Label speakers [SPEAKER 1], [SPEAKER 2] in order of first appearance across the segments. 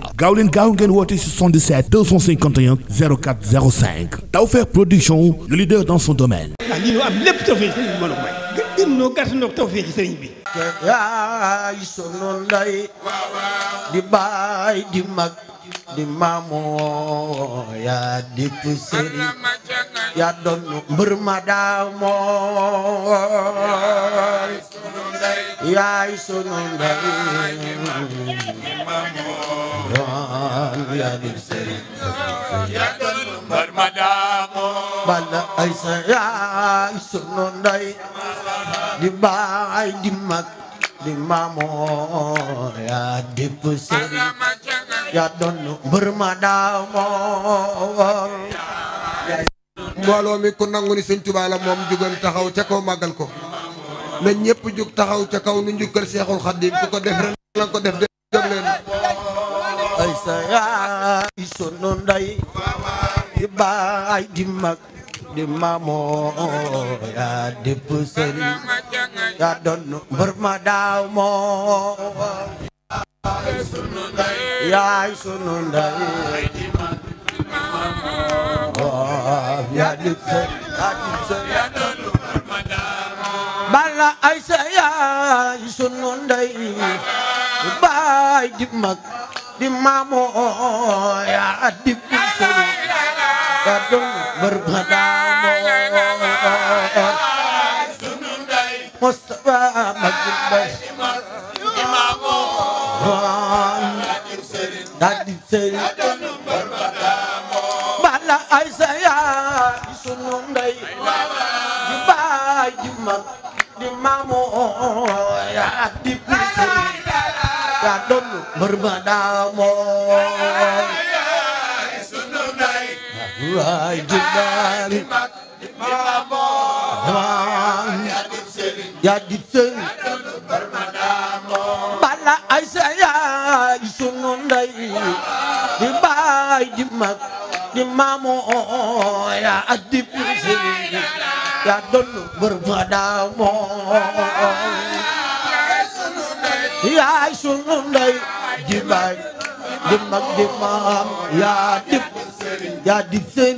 [SPEAKER 1] waaw gaaw leen gaaw ngeen woote 77 251 04 05 Tawfekh Production le leader dans son domaine. ah lii ñu am lépp tawfeex sëriñ bi mën a may. gën noo gàtt noo tawfeex
[SPEAKER 2] sëriñ bi. yaay sunu ndey di baay di mag. di maamoo yaa dikk sëri yaa doon mbër ma daamoo yaay sunu ndey yaa dikk yaa doon mbër ma di baay di mag di maamoo yaa dikk sëri yaa doon mbër ma daa moo war mbooloo mi ku nangu ni sëñ Tuubaa moom jugoon taxaw ca kaw màggal ko na ñëpp jóg taxaw ca kaw nu njukkal Seexul Xadiim ku ko def ren la ko def de jóg leen ay sa yaay sunu ndey di ma daaw yaay sunu nday oh, yaa dib se
[SPEAKER 3] yaa dib se yaa doonu
[SPEAKER 2] bala ay se yaay sunu nday baay dib mag di maamoo ay sa yaay sunu ndey di baay di mag di maamu yaa di puso yaa doon mbër ma daa yaa doon mbër ma daaw moom yaay sunu ndey di baay di mag di maam yaa dib yaa dib seen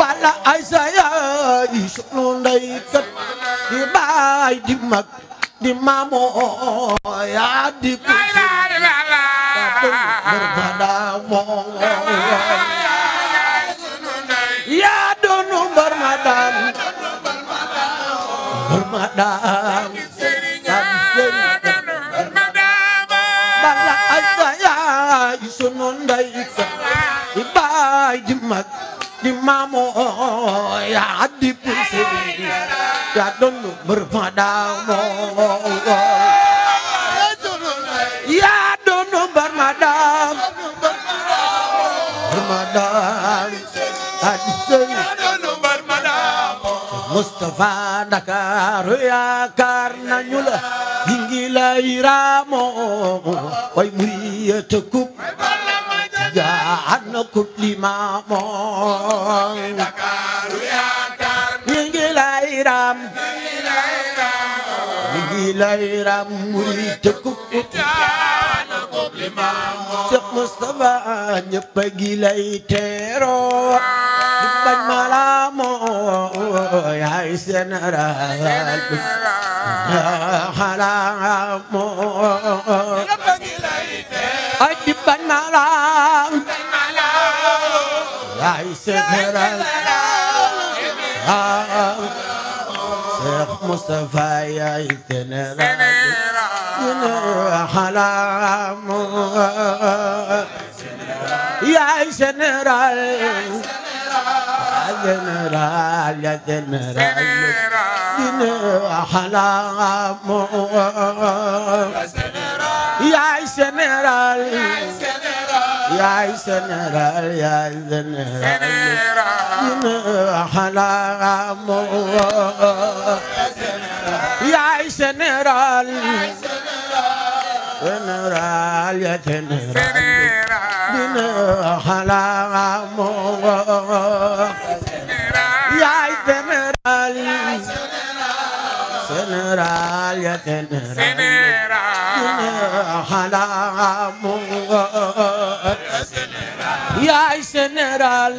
[SPEAKER 2] bala ay sa yaay sunu ndey kat di baay di mag di maamoo yaa dib yaa doon mbër ma daaw moom Ramadan Ramadan bala asayaay sunu ndey ibaay di mag di maamoo yaa Moustapha Ndakaaru yaakaar nañu la ñu ngi lay raamoo way muriya te kub yaa na li maamoo ñu ngi lay ñu ngi lay raam muriya te kub Cheikh Moustapha ñëpp a gi lay teeroo di bañ ma la moo yaay général xalaat moo ay di bañ ma la yaay général Cheikh Moustapha yaay général xalaam yaay général général ya général dina xalaam yaay general ya general dina xalaa mo ya general general ya general dina xalaa mo ya general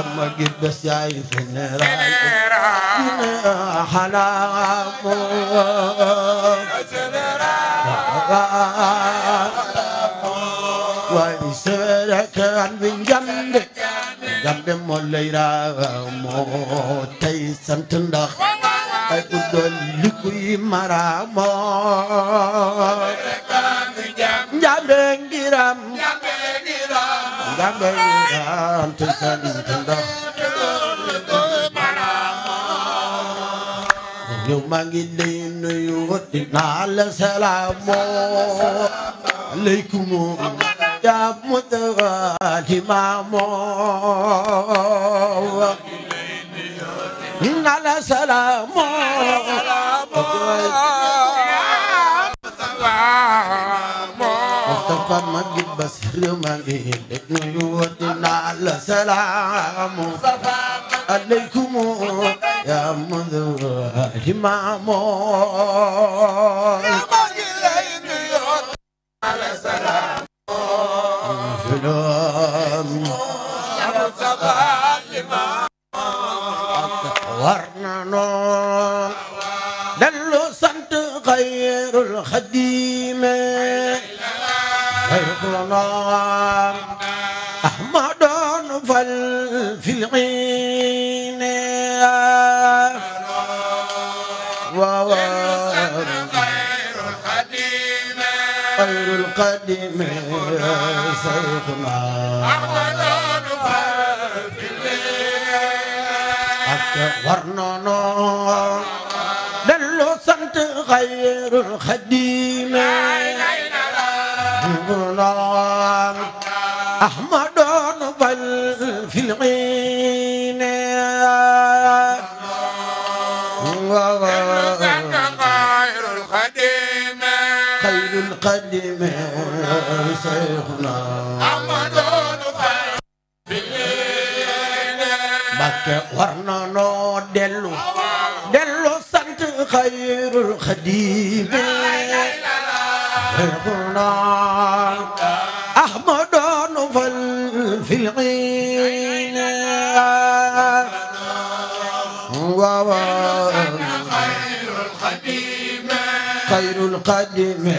[SPEAKER 2] amma gid bas ya general dina xalaa mo wani sere kan bi njande njande moo raa moo tey sant ndax ay u dolli kuy maramo njande ngiram njande ngiram te sant ndax yow maa ngi lay nuyu dinaa la salaamu aleykum yaa mutawali maamu dinaa la salaamu Mustafa ma ngi Basiru ma ngi lay nuyu dinaa la salaamu عليكم يا منذ الإمام على سلام
[SPEAKER 3] سلام
[SPEAKER 2] على سلام ورنا دلو سنت غير الخديم خير لنا أحمد فل قديم سيدنا أحمد ورنونو دلو سنت غير الخديم غلام أحمد بل في العين قديم شيخنا أمدون فاي بك ورنا نو دلو دلو سنت خير الخديم شيخنا قدم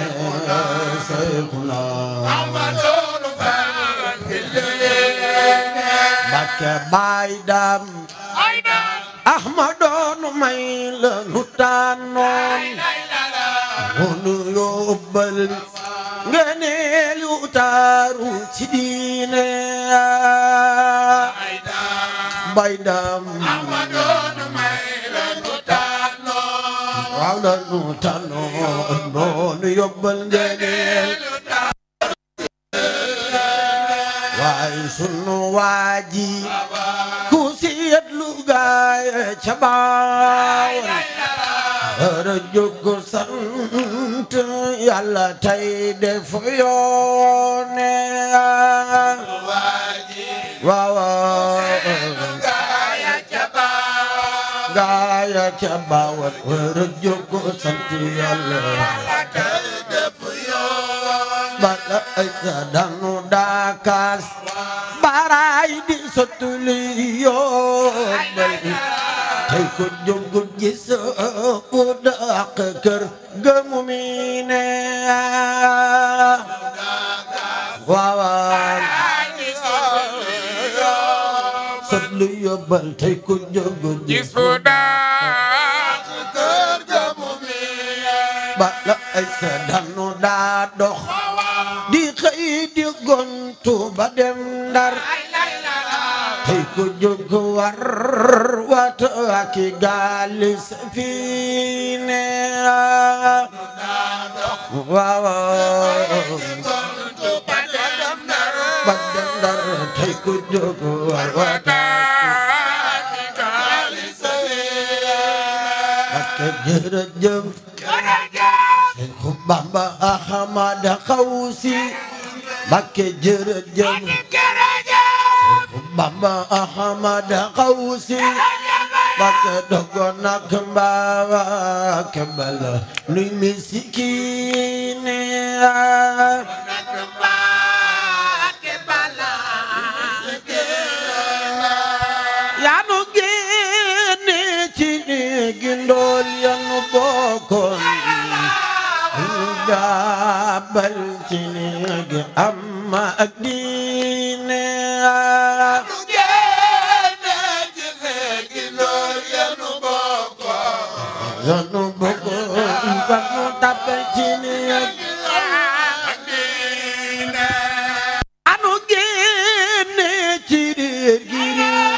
[SPEAKER 2] شيخنا أحمد بك بايدام أحمد ميل نتانون هنو يوبل ngëneel yu taaru ci diine baydam lanu tanoon waaji ku siyet lu gaay ca baawoon ara sant yàlla tey def yoone waaw gaaya ca bawal wër jógo sant yàlla bala ay sa danu daakaas baraay di sotuli yombal tey ko jógo gis u daq kër gëmu mi ne waaw lu yóbbal tey ku njogoon ji suudaan
[SPEAKER 3] kër ga mu miin
[SPEAKER 2] ba la ay sa danu daa dox di xëy di gontu ba dem ndar tey ku jóg war wat ak i gaali safiine waaw ba dem ndar tey ku jóg war wat jërëjëf sëñ Bamba Axmadu Xawsi Mbakke jërëjëf sëñ Bamba Axmadu Xawsi Mbakke dogo nak mbawa kembala luy misikine abal ci néegi am ak diine yanu bokk ba mu tabal ci néegi ak
[SPEAKER 3] diine
[SPEAKER 2] anu génne ci réer gi réer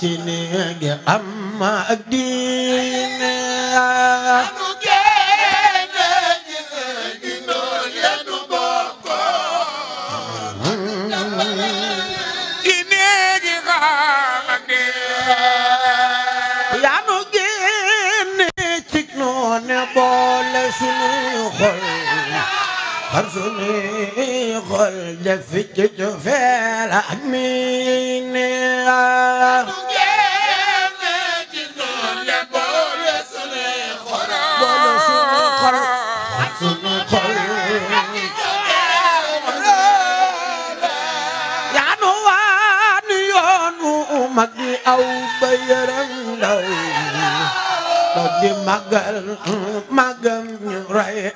[SPEAKER 2] ci néegi am ak diine suñuy xol xar suñuy xol def fi ci cofeel ak miine mag ñi aw ba yaram ndaw di màggal màggam ñu rey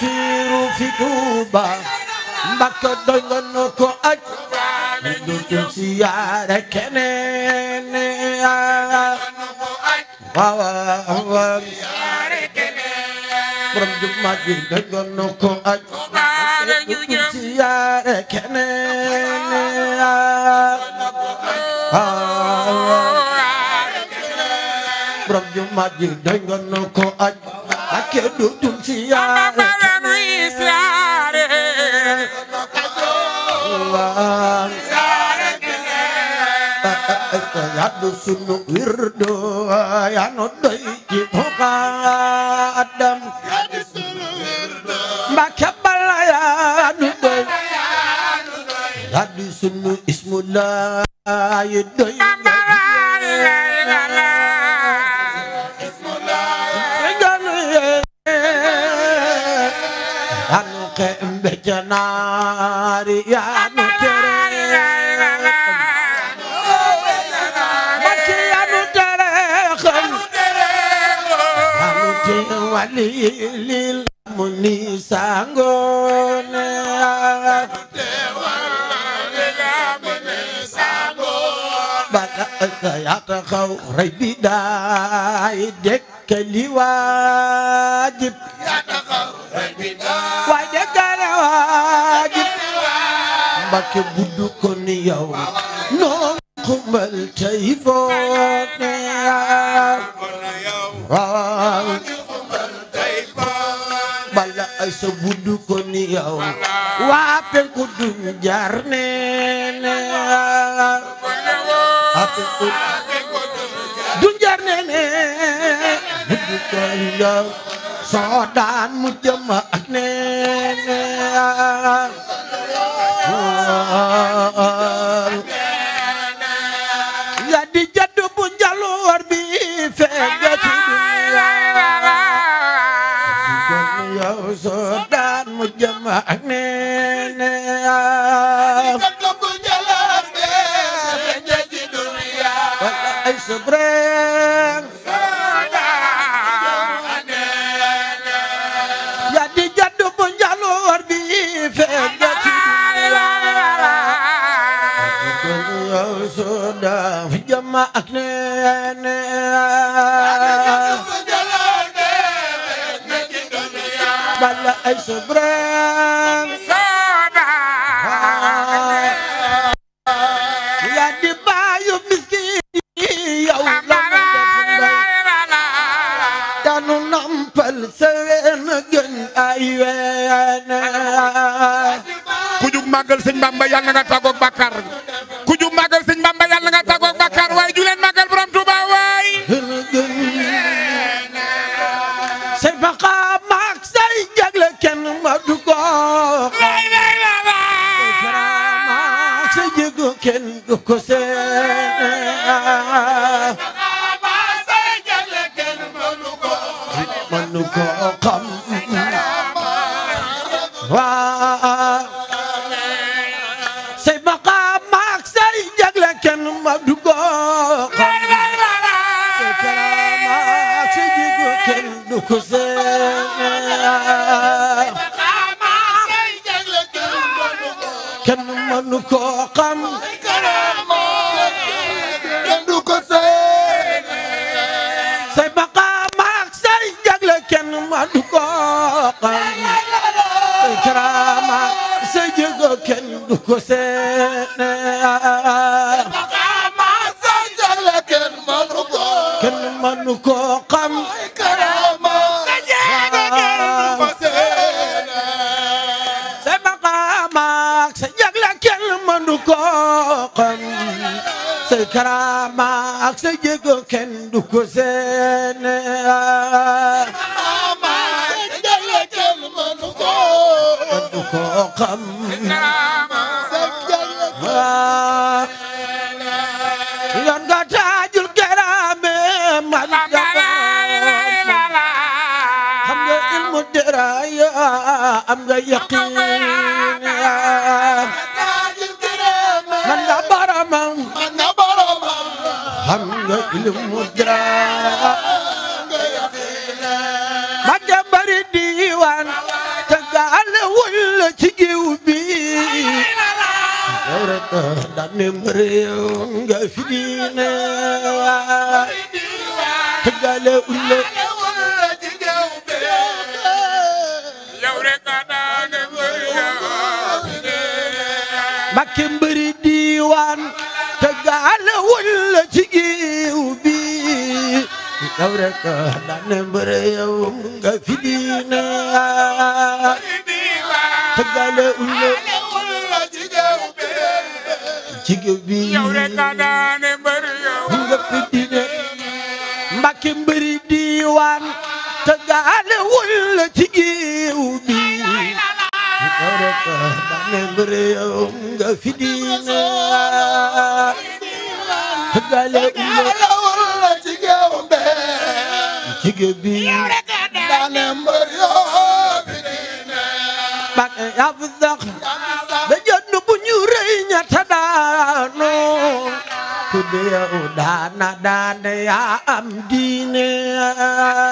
[SPEAKER 2] fiiru fi Tuuba Mbàkke doy nga nu ko aj du siyaare keneen dañoon na ko aj ñu jëm siyaare keneen borom ju mat ji dañoon na ko aj ak dootul siyaare yàlla sunu wirdo yaa nu doy ci muqaddam لا يدين القم بجنار يا نكرم مكي يا نكرم ولي ذيات خوري بداي دك لواجب ذيات خوري بداي وجك لواجب بك بدكن يوم نوم قبل تيفون bala ay sa buddu ko ni yow waa penku duñ jar nee Junjar nene buddi ko soodaan mu jëm ak di jaddu bu njaloor bi fegga ci yow soodaan mu jëm
[SPEAKER 3] الصبران صدا
[SPEAKER 2] يا دبايو مسكين يا ولا دانو نمبل سين جن ايوانا كوجوك ماغال سيغ بامبا يال نغا تاغوك بكار ko seen mënu ko xam du ko xam say karaama say jéego kenn du ko seene karaama say jéego kenn mënu ko kenn mënu ko xam karaama say jéego kenn du ko seene say maqaama say jéego kenn mënu ko xam say karaama say jéego kenn du ko seene am na yaqin man nga boromam man nga boromam am nga ilmu dara man nga bari diiwaan te gaal wul ci géew bi dane mbëréew nga fi diine te gaal wul yow rek daan mbëre yow nga fi diina tëggale ulle jigéen bi yow rek daan mbëre yow nga fi diina mbàkke mbëri diiwaan tëggale ulle jigéen bi yow rek daan mbëre yow nga fi diina tëggale ulle liggéey bi
[SPEAKER 3] daane mbër yoo fi diine
[SPEAKER 2] bak yaa fi sax da jënd bu ñu rëy ñata daanu ku deew daana daane yaa am diine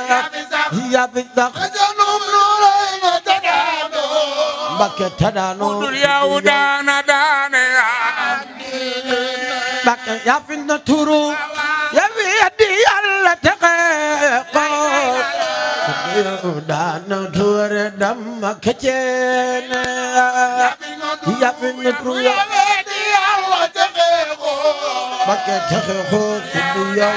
[SPEAKER 2] yaa fi sax da jënd bu ñu rëy ñata daanu bakke ta daanu ku dul yaw daana daane yaa am diine bakke yaa fi na turu yaa fi yàlla texe dana dure damma kecene yabin kru ya
[SPEAKER 3] wedi Allah tekhego
[SPEAKER 2] bakke tekhego dunya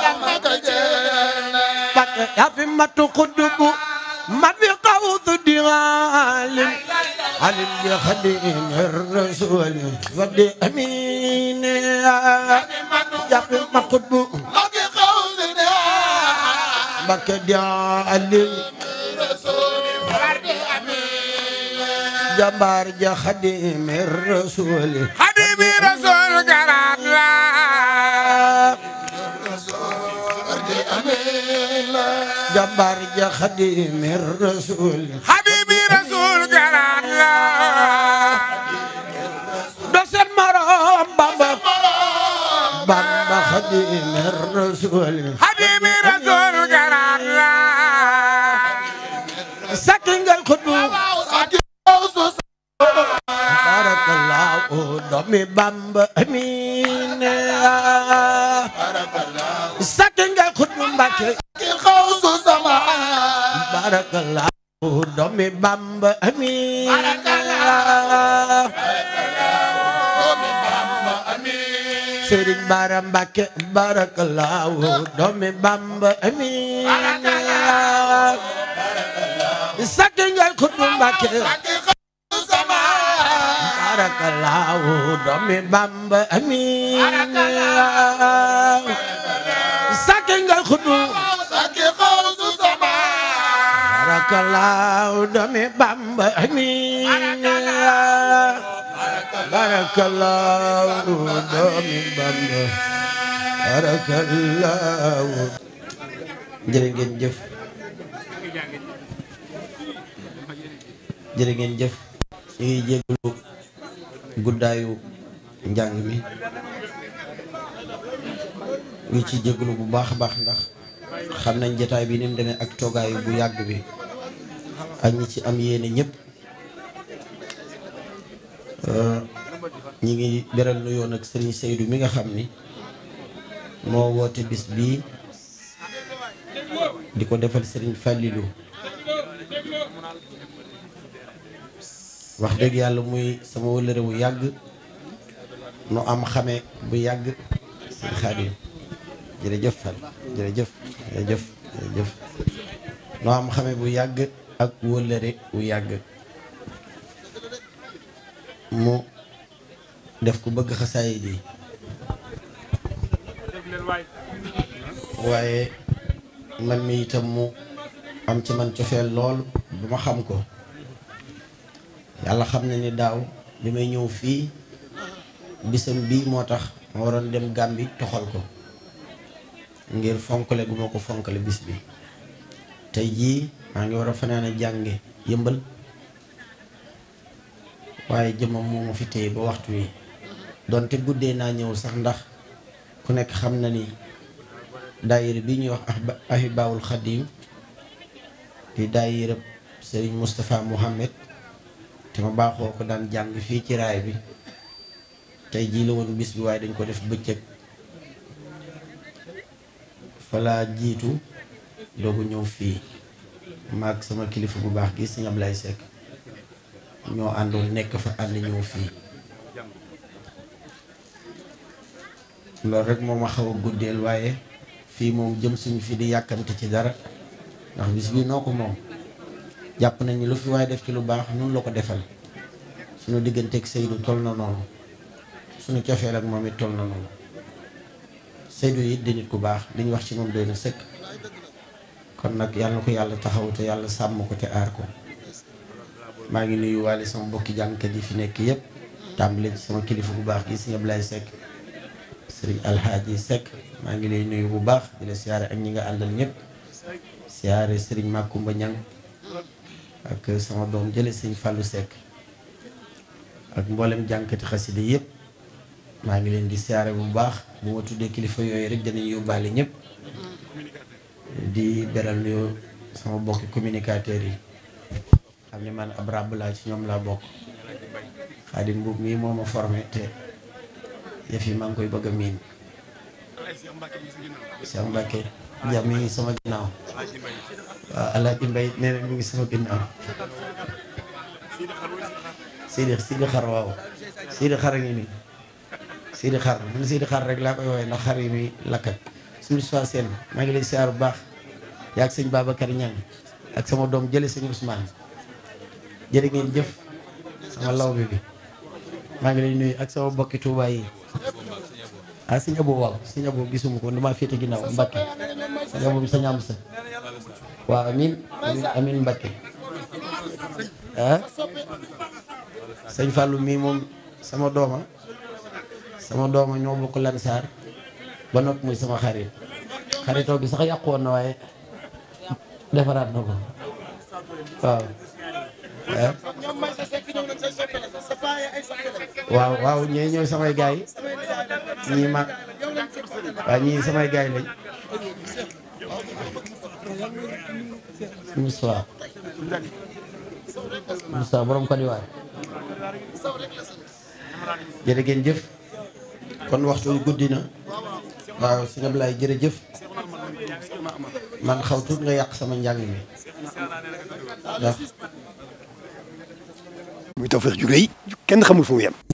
[SPEAKER 3] damma kecene
[SPEAKER 2] bakke yabin matu kudubu mabi qawdu dialim alim ya khadim Mbakke jaalim jambaar ja xadimi rasuuli
[SPEAKER 3] xadimi rasuul garaat la
[SPEAKER 2] jambaar ja xadimi rasuuli xadimi
[SPEAKER 3] rasuul garaat la dosen
[SPEAKER 2] maroom Bamba Bamba xadimi rasuuli doomi Bamba amiin sakk nga xutbu Mbàkke
[SPEAKER 3] ki xawsu sama
[SPEAKER 2] barakallah doomi Bamba amiin Sëriñ Bara Mbàkke barakallah doomi Bamba amiin sakk nga xutbu Mbàkke barakallahu doomi Bamba amiin sàkk nga xuddu
[SPEAKER 3] sàkk xawsu sama
[SPEAKER 2] barakallahu doomi Bamba amiin barakallahu doomi Bamba
[SPEAKER 1] barakallahu
[SPEAKER 2] jërë ngeen jëf guddaayu njàng mi ngi ci jéglu bu baax a baax ndax xam nañ jataay bi ni mu demee ak toogaayu bu yàgg bi ak ñi ci am yéene ñëpp euh, ñi ngi beral nuyoo ak sëriñ Seydou mi nga xam ni moo woote bis bi di ko defal sëriñ Fallilou wax dëgg yàlla muy sama wëllëre bu yàgg nu am xame bu yàgg sëñ Xaadim jërëjëf fan jëf jërëjëf jërëjëf nu am xame bu yàgg ak wëllëre bu yàgg mu def ku bëgg xasaayid yi waaye man mi itam mu am ci man cofeel lool bu ma xam ko yàlla xam na ni daaw bi may ñëw fii bisam bii moo tax ma waroon dem Gàmbi toxal ko ngir fonkale gu ko fonkale bis bi tey jii maa ngi war a fanaan a jànge yëmbal waaye jëmmam moo ma fi téye ba waxtu wi donte guddee naa ñëw sax ndax ku nekk xam na ni daayira bi ñuy wax ahibaawul xadim di daayira sëriñ Moustapha Mouhamed te baaxoo ko daan jàng fii ci raay bi tey jii la woon bis bi waaye dañ ko def bëccëg falaa jiitu dogu ñëw fii maag sama kilifa bu baax gi sëñ Ablaye Seck ñoo àndoon nekk fa ànd ñëw fii loolu rek moom a xaw guddeel waaye fii moom jëm suñu fi di yàkkamte ci dara ndax bis bi noo ko moom jàpp nañ lu fi waaye def ci lu baax ñun la ko defal suñu digganteeg Seydou toll na noonu suñu cofeel ak moom it toll na noonu Seydou it di nit ku baax li wax ci moom doy na sëkk kon nag yàlla ko yàlla taxaw te yàlla sàmm ko te aar ko maa ngi nuyu waale sama mbokki jàngkat yi fi nekk yépp tàmbali sama kilifa bu baax gi sëñ Ablaye Seck sëriñ Alxaaji Seck maa ngi lay nuyu bu baax di la siyaare ak ñi nga àndal ñëpp sëriñ sëriñ Makumba Ñang ak sama doom jële sëñ Fallou Seck ak mboolem jànkati xasida yëpp maa ngi leen di siyaare bu baax bu ma tuddee kilifa yooyu rek danañ yóbbaale ñëpp di beral nuyoo sama bokki communicateur yi xam ne man ab ràbb laa ci ñoom laa bokk Xaadim Mbuub mii moo ma formé te yëf yi maa ngi koy bëgg a miin Cheikh Mbacke Njaam mi ngi sama ginnaaw waaw ah, Alaaji Mbay nee na mi ngi sama ginnaaw Sidi Sidi xar waaw Sidi xar ngi nii Sidi xar xar rek laa koy woowee ndax xar yi muy lakk suñu soi seen maa ngi lay siyaar bu baax yaa ak sëñ Babacar Ñang ak sama doom jële sëñ Ousmane jërë ngeen jëf sama law bi maa ngi lay nuy ak sama bokki Tuubaa yi ah sëñ Abo waaw sëñ Abo gisuma ko damaa féete ginnaaw Mbacke sëñ Abo bi am sa waaw amin amin amin Mbacke ah mii moom sama dooma ah, sama dooma ñoo bokk lan ba noppi mooy sama xarit xaritoo bi sax yàqu na waaye defaraat na ko waaw ah? waaw ñooy ñooy samay gars ñii ma
[SPEAKER 3] waaw ñii samay gaay
[SPEAKER 2] lañ Moussa Moussa borom ko di waay jërë ngeen jëf kon waxtu wi guddi na waaw sëñ Ablaye jërëjëf
[SPEAKER 1] man xaw tuut nga yàq sama njàng mi ndax muy Tawfekh ju rëy kenn xamul fu yem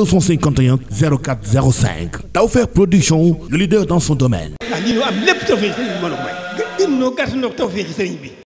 [SPEAKER 1] 251
[SPEAKER 3] 04 05